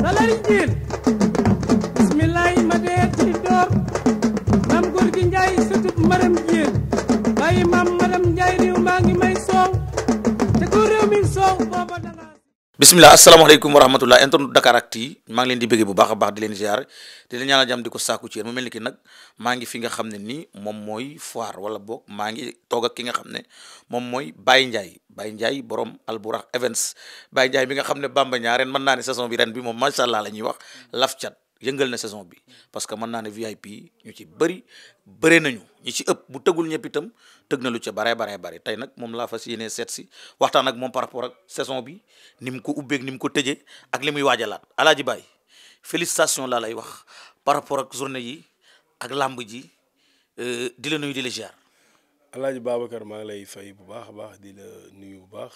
salari jiin bismillahi bismillah asalaamaaleykum wa rahmatullah internet dakar ti ma ngi len di bëggee bu baakha baax di len ziar di len ñaanal jam di ko sàkku ci yéen mu melni ki nak ma ngi fi nga xam ni mom moy foire wala bok ma ngi toga ki nga xam mom moy Baye ndjay Baye Ndiaye borom Alburax Events Baye Ndiaye bi nga xam ne Bamba ñaa ren mën naa ne saison bi ren bi moom macha allah la ñuy wax laf cat yëngal na saison bi parce que mën naa ne VIP ñu ci bëri bëre nañu ñi ci ëpp bu tëggul ñëpp itam tëgg na lu ca baree baree bare tey nag moom laa fa yéenee seet si waxtaan ak moom par rapport ak saison bi ni mu ko ubbeek ni mu ko tëjee ak li muy laat Alaaji Baye félicitation laa lay wax par rapport ak journée yi ak làmb ji euh, di la di la Alaaji Babacar maa ngi lay fay bu baax a baax di la nuyu bu baax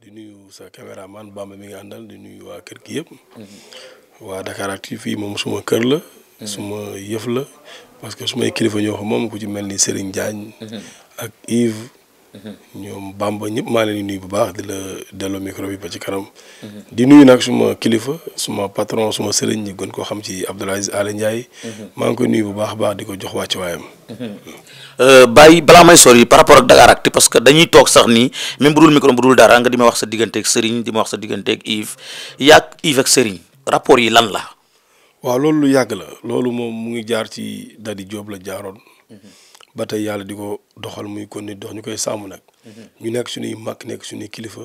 di nuyu sa caméraman Bamba mi nga àndal di nuyu waa kër gi yëpp. Mm-hmm. waa Dakaractu fii moom suma kër la. Mm-hmm. suma yëf la parce que sumay kilifa ñoo xam moom ku ci mel ni Serigne Diagne. Mm-hmm. ak Yves. ñoom Bamba ñëpp maa leen di nuyu bu baax di la delloo micro bi ba ci kanam. di nuyu nag suma kilifa suma patron suma sëriñ ñi gën koo xam ci Abdoul Aziz Aly Ndiaye. maa ngi koy nuy bu baax baax di ko jox wàcc waayam. Euh, Baye balaa may sori par rapport ak Dakaractu parce que dañuy toog sax nii même bu dul micro bu dul dara nga di ma wax sa digganteeg sëriñ di ma wax sa digganteeg Yves yàgg Yves ak sëriñ rapport yi lan la. waaw loolu lu yàgg la loolu moom mu ngi jaar ci Dadi Diop la jaaroon. ba tey yàlla di doxal muy konni dox ñukay sam nak ñu mhm. nek suñuy mak nek suñuy kilifa.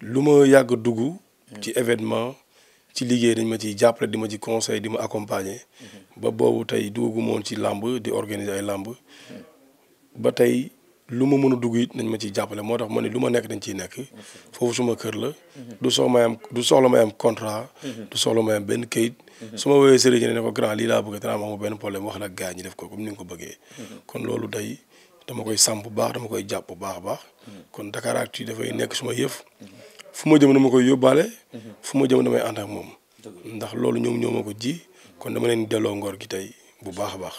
luma yag yàgg dugg. Mhm. ci événement ci liguey dañ ma ci jappalé dima ci conseil dima accompagner. Mhm. ba bobu tay duggu moon ci lamb di organiser ay lamb ba tey lu ma dugg it nañ ma ci jappalé motax tax ma ne lu dañ ci nek fofu suma kër la. du soxla may am du soxla may am contrat. du soxla may am ben kayit. Mhm. su ma woowee sëriñ ne ne ko grand lii laa bëgg dara ma amul benn problème wax nag gars ñi def ko comme ni nga ko bëggee. Mhm. kon loolu day dama koy sam bu baax dama koy jàpp bu baax a baax. Mhm. kon Dakaractu dafay nekk suma yëf. fu ma jëm dama koy yóbbaale. fu ma jëm damay ànd ak moom. ndax loolu ñoom ñoo ma ko ji kon dama leen delloo ngor gi tey bu baax a baax.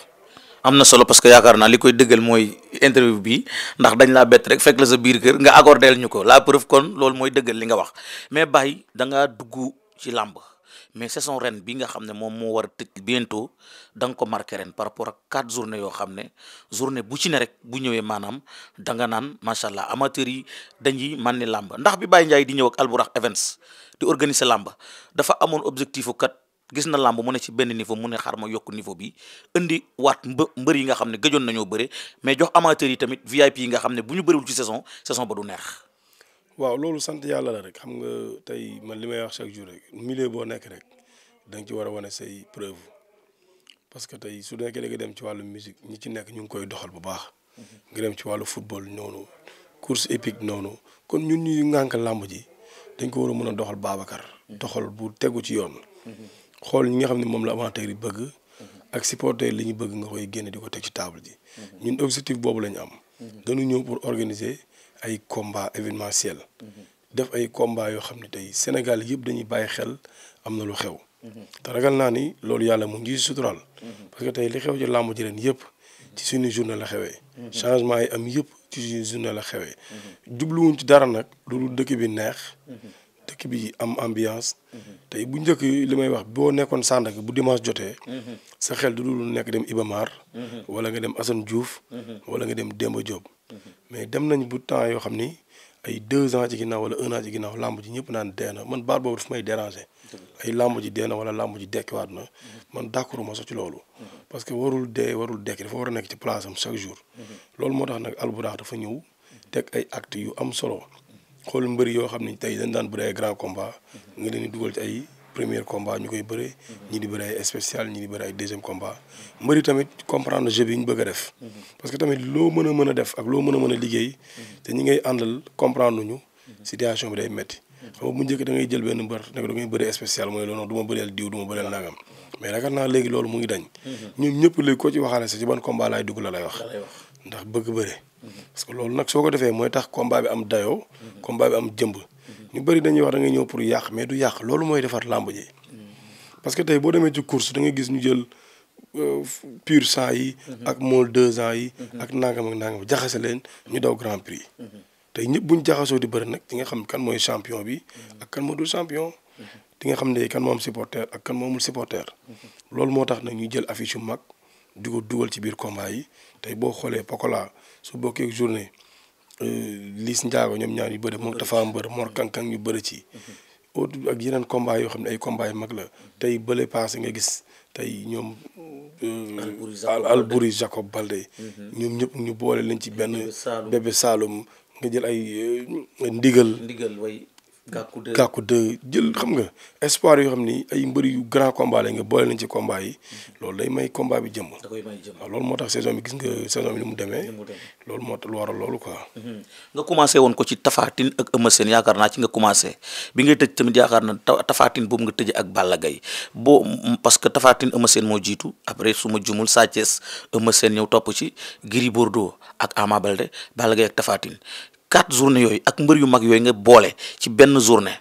am na solo parce que yaakaar naa li koy dëggal mooy interview bi ndax dañ laa bett rek fekk la sa biir kër nga accordeel ñu ko laa preuve kon loolu mooy dëggal li nga wax mais Baye da ngaa dugg ci làmb mais saison ren bi nga xam ne moom moo war a tëj bientôt da nga ko ren par rapport ak quatre journées yoo xam ne journée bu ci ne rek bu ñëwee maanaam danga naan macha allah amateurs yi dañuy man ni làmb ndax bi Baye Ndiaye di ñëw ak Alburax Events di organiser làmb dafa amoon objectif kat gis na lamb mu ne ci benn niveau mu ne xar ma yokk niveau bi indi waat mbë mbër yi nga xam ne gëjoon nañoo bëre mais jox amateurs yi tamit VIP yi nga xam ne bu ñu bëriwul ci saison saison ba du neex. waaw loolu sant yàlla la rek xam nga tey man li may wax chaque jour rek milieu boo nekk rek da ci war a wane say preuve parce que tey su dee da nga dem ci wàllu musique ñi ci nekk ñu ngi koy doxal bu baax. nga dem ci wàllu football noonu course épique noonu kon ñun ñuy ŋànk làmb ji dañ ko war a mën a doxal Babacar. doxal bu tegu ci yoon. xool ñi nga xam ne moom la avantage yi bëgg. ak supporter li ñu bëgg nga koy génne di ko teg ci taable ji. ñun objectif boobu la ñu am. dañu ñëw pour organiser. ay combat événementiel def ay combat yo xamni tay Sénégal yëpp dañuy bàyyi xel amna lu xew te ragal na ni loolu yàlla mu ngi sutural parce que tay li xew ci làmb ji len yëpp ci suñu journal la xewé changement ay am yëpp ci suñu journal la xewé xewee jubluwuñ ci dara nak loolu dëkk bi neex dëkk bi am ambiance tay bu njëkk li may wax bo nekkon Sandaga bu dimanche joté sa xel du dul nekk dem Ibamar wala nga dem Assane Diouf wala nga dem Demba Diop mais dem nañ bu temps yoo xam ni ay deux ans ci ginnaaw wala un an ci ginnaaw làmb ji ñëpp naan dee na man baat boobu daf may déranger. ay làmb ji dee na wala làmb ji dekkiwaat na. man d'accord ma sax ci loolu. parce que warul dee warul dekki dafa war a nekk ci place am chaque jour. loolu moo tax nag alburax dafa ñëw teg ay actes yu am solo xool mbëri yoo xam ni tey dañ daan bëree grand combat nga leen di dugal ci ay. premier combat ñu koy bëree. ñii di bëri ay spécial ñii di bëri ay deuxième combat. mbëri tamit comprendre jeu bi ñu bëgg a def. parce que tamit loo mën a mën a def ak loo mën a mën a liggéey. te ñi ngay àndal comprendre ñu. situation bi day metti xam nga bu njëkk da ngay jël benn mbër ne ko da ngay bëri spécial mooy loolu du ma bëreel diw du ma loolu mu ngi dañ. ñoom ñëpp léegi koo ci waxaale sax ci ban combat laay dugg la lay wax. ndax bëgg bëre. loolu nag soo ko defee mooy tax combat bi am dayoo. combat bi am jëmb ñu bëri dañuy wax da ngay ñëw pour yàq mais du yàq loolu mooy defar làmb ji. parce que tey boo demee ci course da nga gis ñu jël euh, pur sant yi. ak mool deux ans yi. ak nangam ak nangam jaxase leen ñu daw grand prix. tey ñëpp ñu jaxasoo di bëri nag di nga xam kan mooy champion bi ak kan moo dul champion. di nga xam ne kan moom am supporter ak kan moomul supporter. loolu moo tax nag ñu jël affiche yu mag di dugal ci biir combat yi tey boo xoolee Pokola su bokkee journée. Euh, Liss Ndiago ñoom ñaar yu bëri moo dafa mbër Mor Kankang yu bëri ci. Mhm. autre ak yeneen combat yoo xam ne ay combat mag la tey bële passé nga gis tey ñoom. Euh, Albouri Jacob Balde mhm. ñoom ñëpp ñu boole leen ci benn. bébé Saloum nga jël ay euh, ndigal. ndigal way gàkku de jël xam nga espoir yoo xam ni ay mbëri yu grand combat la nga boole nañ ci combat yi mhm. loolu day may combat bi jëm. koy may jëm waaw loolu moo tax saison bi gis nga saison mu demee. moo tax lu waral loolu quoi. Mhm. nga woon ko ci Tafatine ak Eumeu Sène yaakaar naa ci nga commencé bi ngay tëj tamit yaakaar na Tafatine boobu nga tëjee ak Balla Gaye boo parce que Tafatine Eumeu seen moo jiitu après su ma jumul Sa Thiès Eumeu Sène ñëw topp ci Gris Bordeaux ak Ama Baldé Balla Gaye ak Tafatine quatre journée yooyu ak mbër yu mag yooyu nga boole ci benn journée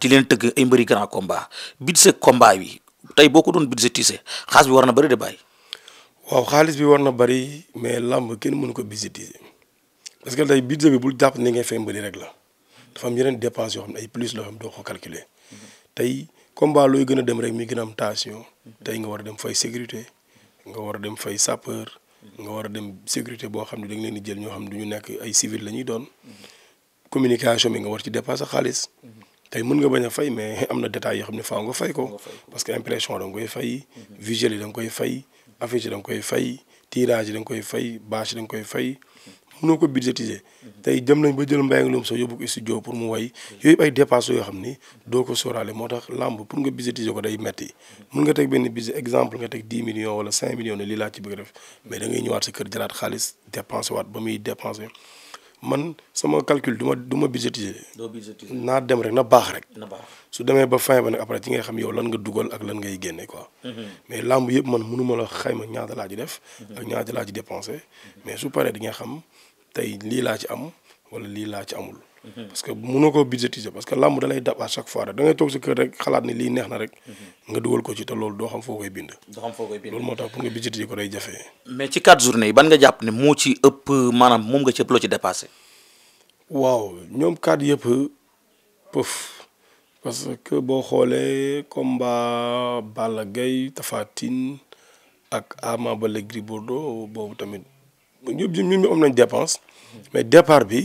di leen tëgg ay mbëri grand combat budget combat bi tey boo ko doon budgétiser xaalis bi war na bëri de bàyyi. waaw xaalis bi war na bëri mais làmb kenn mënu ko budgétiser parce que tey budget bi bul jàpp ni nga fay mbëri rek la dafa am yeneen dépenses yoo xam ne ay plus loo xam doo ko calculer tey combat looy gën a dem rek mi gën a am tension tey nga war a dem fay sécurité nga war a dem fay sapeur. nga war a dem sécurité boo xam ne da leen di jël ñoo xam ne du ñu nekk ay civil la ñuy doon. communication bi nga war ci dépassé xaalis. tey mën nga bañ a fay mais am na détails yoo xam ne faaw nga fay ko. parce que impression da nga koy fay. Mhm. visuel yi danga koy fay. affiche yi da nga koy fay. tirage yi da nga koy fay bâche yi da nga koy fay. Mhm. mënoo ko budgétiser tey dem nañ ba jël mbay ak loom soo yóbbu ko studio pour mu way yooyu ay dépenses yoo xam ni doo ko sóoraale moo tax làmb pour nga budgétiser ko day metti mun nga teg benn budget exemple nga teg 10 millions wala 5 millions ne lii laa ci bëgg def mais da ngay ñëwaat sa kër jëlaat xaalis dépenser waat ba muy dépenser man sama calcul du ma du ma budgétiser naa dem rek na baax rek su demee ba fin ba nag après ci ngay xam yow lan nga dugal ak lan ngay génne quoi mhm. mais làmb yëpp man mënuma la xayma ñaata laa ci def ak laa ci dépensé mais su paree di nga xam tey lii laa ci am wala lii laa ci amul. parce que mënoo ko budgétiser parce que làmb da lay dab à chaque fois da ngay toog sa kër rek xalaat ni lii neex na rek. nga dugal ko ci te lool doo xam foo koy bind. doo xam foo koy bind loolu moo tax pour nga budgétiser ko day jafe. mais ci quatre journées yi ban nga jàpp ne moo ci ëpp maanaam moom nga ci ëpp loo ci dépassé. waaw ñoom quatre yëpp pëf parce que boo xoolee combat Balla gay Tapha Tine ak Ama Baldé Gris Bordeaux boobu tamit. ñëpp ñun ñu am nañ dépense mais départ bi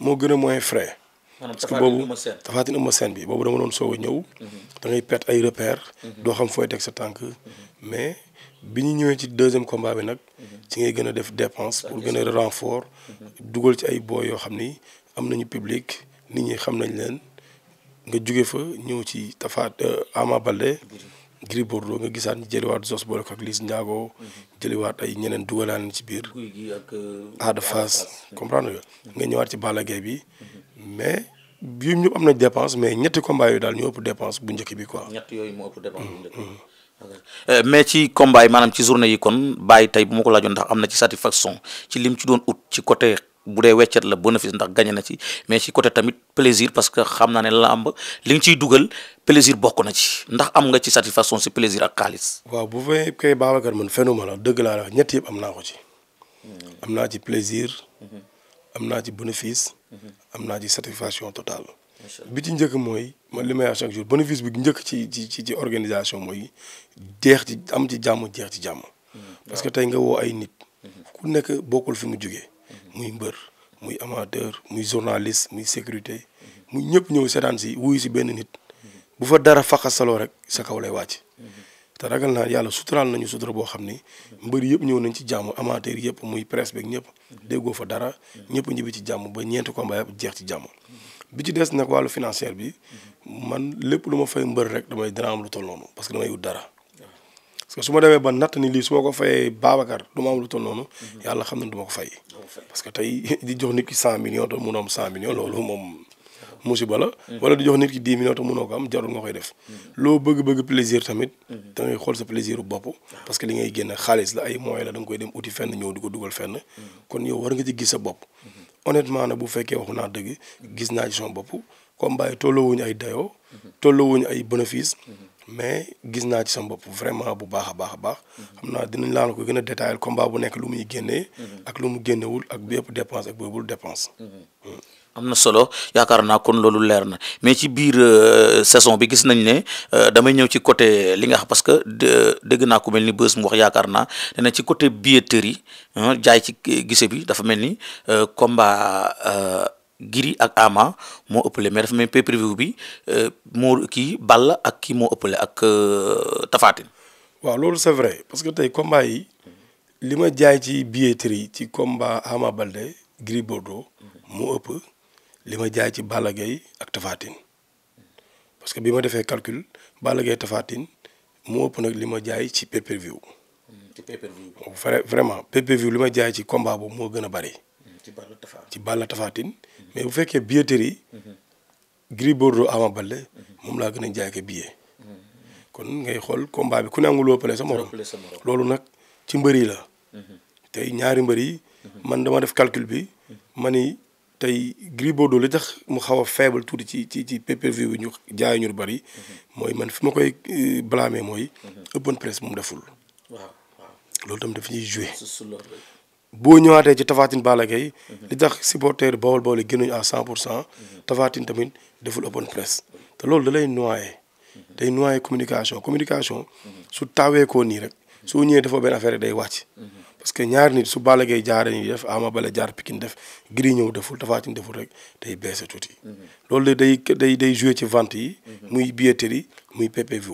moo gën a moins frais. parce que boobu tafaatin ëmma seen bi boobu dama doon soog a ñëw mhm. da ngay perte ay repères mhm. doo xam fooy teg sa tànk mhm. mais bi ñu ñëwee ci deuxième combat bi nag ci ngay gën a def dépense pour gën a renfort dugal ci ay boy yoo xam ni am nañu public nit ñi xam nañ leen nga jóge fa ñëw ci tafaat euh, Ama Balde. Gris Bordeaux nga gisaat ñu jëliwaat Zos boole ko ak Liss Ndiago jëliwaat ay ñeneen dugalaan ci biir. Euh, Ada Fass comprendre nga. Mhm. nga ñëwaat ci Balla bi. mais yu ñëpp am na dépense mais ñetti combat yooyu daal ñoo ëpp dépense bu njëkk bi ko ñett yooyu moo ëpp dépense bu njëkk mhm. euh, mais ci combat yi maanaam ci journée yi kon bàyyi tey bu ma ko laajoon ndax am na ci satisfaction ci lim ci doon ut ci côté. bu dee weccet la bénéfice ndax gañe na ci mais ci côté tamit plaisir parce que xam naa ne am li nga ciy dugal plaisir bokk na ci ndax am nga ci satisfaction si plaisir ak xaalis. waaw bu fee kay Babacar man fenuma la dëgg laa la ñett yëpp am naa ko ci. am naa ci plaisir. am naa ci bénéfice. am naa ci satisfaction totale. bi ci njëkk mooy man li may wax chaque jour bénéfice bi njëkk ci ci ci organisation mooy jeex ci am ci jàmm jeex ci jàmm. Hmm. parce que tey nga woo ay nit. Hmm. ku nekk bokkul fi mu jugee. muy mbër muy amateur muy journaliste muy sécurité mu ñëpp ñëw seetaan si wuyu si benn nit bu fa dara faxasaloo rek sa kaw lay wàcc te ragal naa yàlla suturaal nañu sutura boo xam ni mbër yëpp ñëw nañ ci jàmm amateur yëpp muy presse beeg ñëpp déggoo fa dara ñëpp ñibbi ci jàmm ba ñeenti combat yëpp jeex ci jàmm bi ci des nag wàllu financière bi man lépp lu ma fay mbër rek damay dana am lu toll noonu parce que damay wut dara parce su ma demee ba natt ni lii su ma ko fayee Babacar du ma am lu toll noonu. yàlla xam na du ma ko fay. parce que tey di jox nit ki cent millions te mun a am cent millions loolu moom musiba la. wala di jox nit ki dix millions te munoo ko am jarul nga koy def. loo bëgg-bëgg plaisir tamit. da ngay xool sa plaisir bu bopp. parce que li ngay génn xaalis la ay moyens la da nga koy dem uti fenn ñëw di ko dugal fenn. kon yow war nga ci gis sa bopp. honnêtement nag bu fekkee waxu naa dëgg. gis naa ci sama bopp comme bàyyi tolloo wuñu ay dayoo. tolloo wuñu ay bénéfice. mais gis naa ci sama mbopp vraiment bu baax a baax a baax. xam naa dinañ laa ko gën a détaillé combat bu nekk lu muy génnee. ak lu mu génnewul ak yëpp dépense ak boobul dépense. Mm-hmm. am na solo yaakaar naa kon loolu leer na mais ci biir euh, saison bi gis nañ ne euh, damay ñëw ci côté li nga xam parce que dëgg naa ko mel ni bés mu wax yaakaar naa ne ci côté billetterie jaay ci gise bi dafa mel ni euh, combat Gris ak Ama moo ëppale mais dafa mel bi euh, moo kii Balla ak kii moo ëppale ak euh, Tapha Tine waaw loolu c'est vrai parce que tey combat yi li ma jaay ci billetterie ci combat Ama Baldé Gris Bordeaux moo ëpp li ma jaay ci Balla Gaye ak Tapha parce que bi ma defee calcul Balla Gaye Tapha Tine moo ëpp nag li ma jaay ci pay-per-view. Mm, ci pay li ma jaay ci combat boobu moo gën a bari. ci Balla Tapha ci Balla Tapha mais bu fekkee billetterie Gris Bordeaux Ama Baldé moom laa gën a jaay ko billet kon ngay xool combat bi ku ne amul loppale sa morom loolu nag ci mbër yi la tey ñaari mbër yi man dama def calcul bi ma ni tey Gris Bordeaux li tax mu xaw a faible tuuti ci ci ci PPV bi ñu jaay ñu bari mooy man fi ma koy euh, blâmer mooy mhm. open press moom deful waaw waaw loolu tam daf ñuy joué boo ñëwaatee ci Tapha Tine Balla Gaye li tax supporter Bawol Bawol yi gënuñu à 100 pour cent Tapha Tine tamit deful open press te loolu da lay noyé day noyé communication communication su tawee koo nii rek soo ñëwee defoo benn affaire day wàcc parce que ñaari nit su Balla Gaye jaaree nii def Ama Baldé jaar Pikine def Gris ñëw deful Tapha Tine deful rek day baissé tuuti loolu day day day joué ci vente yi muy billetterie yi muy PPV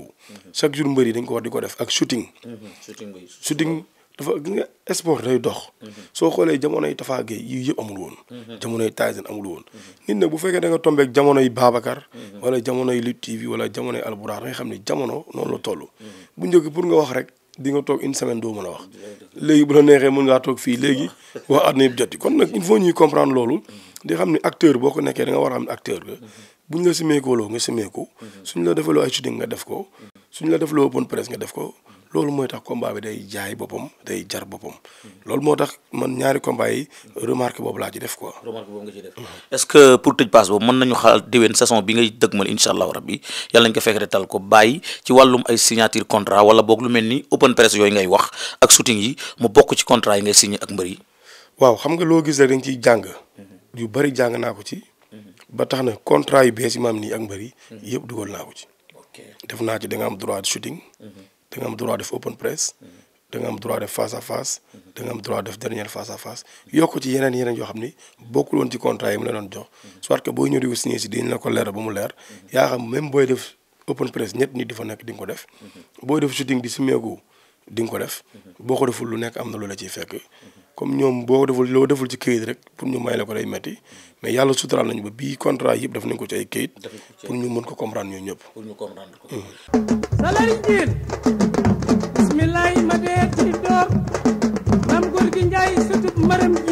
chaque jour mbër yi dañ ko war di ko def ak shooting mhm, shooting dafa nga sport day dox. Mhm. soo xoolee jamonoy Tafa Gueye yii yëpp amul woon. Mhm. jamonoy Tyson amul woon. Mhm. nit nag bu fekkee da nga tombé ak jamonoy Babacar. wala jamonoy Lutte TV wala jamonoy Albourakh da nga xam ne jamono noonu la toll. bu njëkk pour nga wax rek di nga toog une semaine doo mën a wax. léegi bu la neexee mën ngaa toog fii léegi wax àdduna yëpp jot kon nag il faut ñuy comprendre loolu. di xam ni acteur boo ko nekkee da nga war a am acteur la. buñ la simeekooloo nga simeeku. suñ la defaloo ay shooting nga def ko. suñ la defaloo open press nga def ko. loolu mooy tax combat bi day jaay boppam day jar boppam. loolu moo tax man ñaari combat yi remarque boobu laa ci def quoi. remarque boobu nga ce que pour tëj paas boobu mën saison bi ngay dëgmal incha allahu rabbi yàlla nañu ko fekk tal ko bàyyi ci wàllum ay signature contrat wala boog lu mel ni open press yooyu ngay wax ak shooting yi mu bokk ci contrat yi ngay signé ak mbër yi. waaw xam nga loo gis rek dañ ciy jàng. yu bari jàng naa ko ci. ba tax na contrat yu bees yi maam nii ak mbër yi. yëpp dugal naa ko ci. def naa ci danga am droit de shooting. Mhm. da nga am droit def open press da nga am droit def face à face da nga am droit def dernière face à face yokk ci yeneen yeneen yoo xam ni bokkul woon ci contrat yi mu la doon jox soit que boo ñëw di ko signé si dañ la ko leer ba mu leer yaa xam même booy def open press ñett nit di fa nekk di nga ko def booy def shooting di si meegu di nga ko def boo ko deful lu nekk am na lu la ciy fekk comme ñoom boo deful loo deful ci këyit rek pour ñu may la ko day metti mais yàlla suturaal nañu ba bii contrat yëpp def nañ ko ci ay këyit pour ñu mën ko comprendre ñun ñëpp. pour ñu comprendre ko. Hmm. salari jiin bismillahi ma dee ci door maam góor gi Njaay sëtub Maram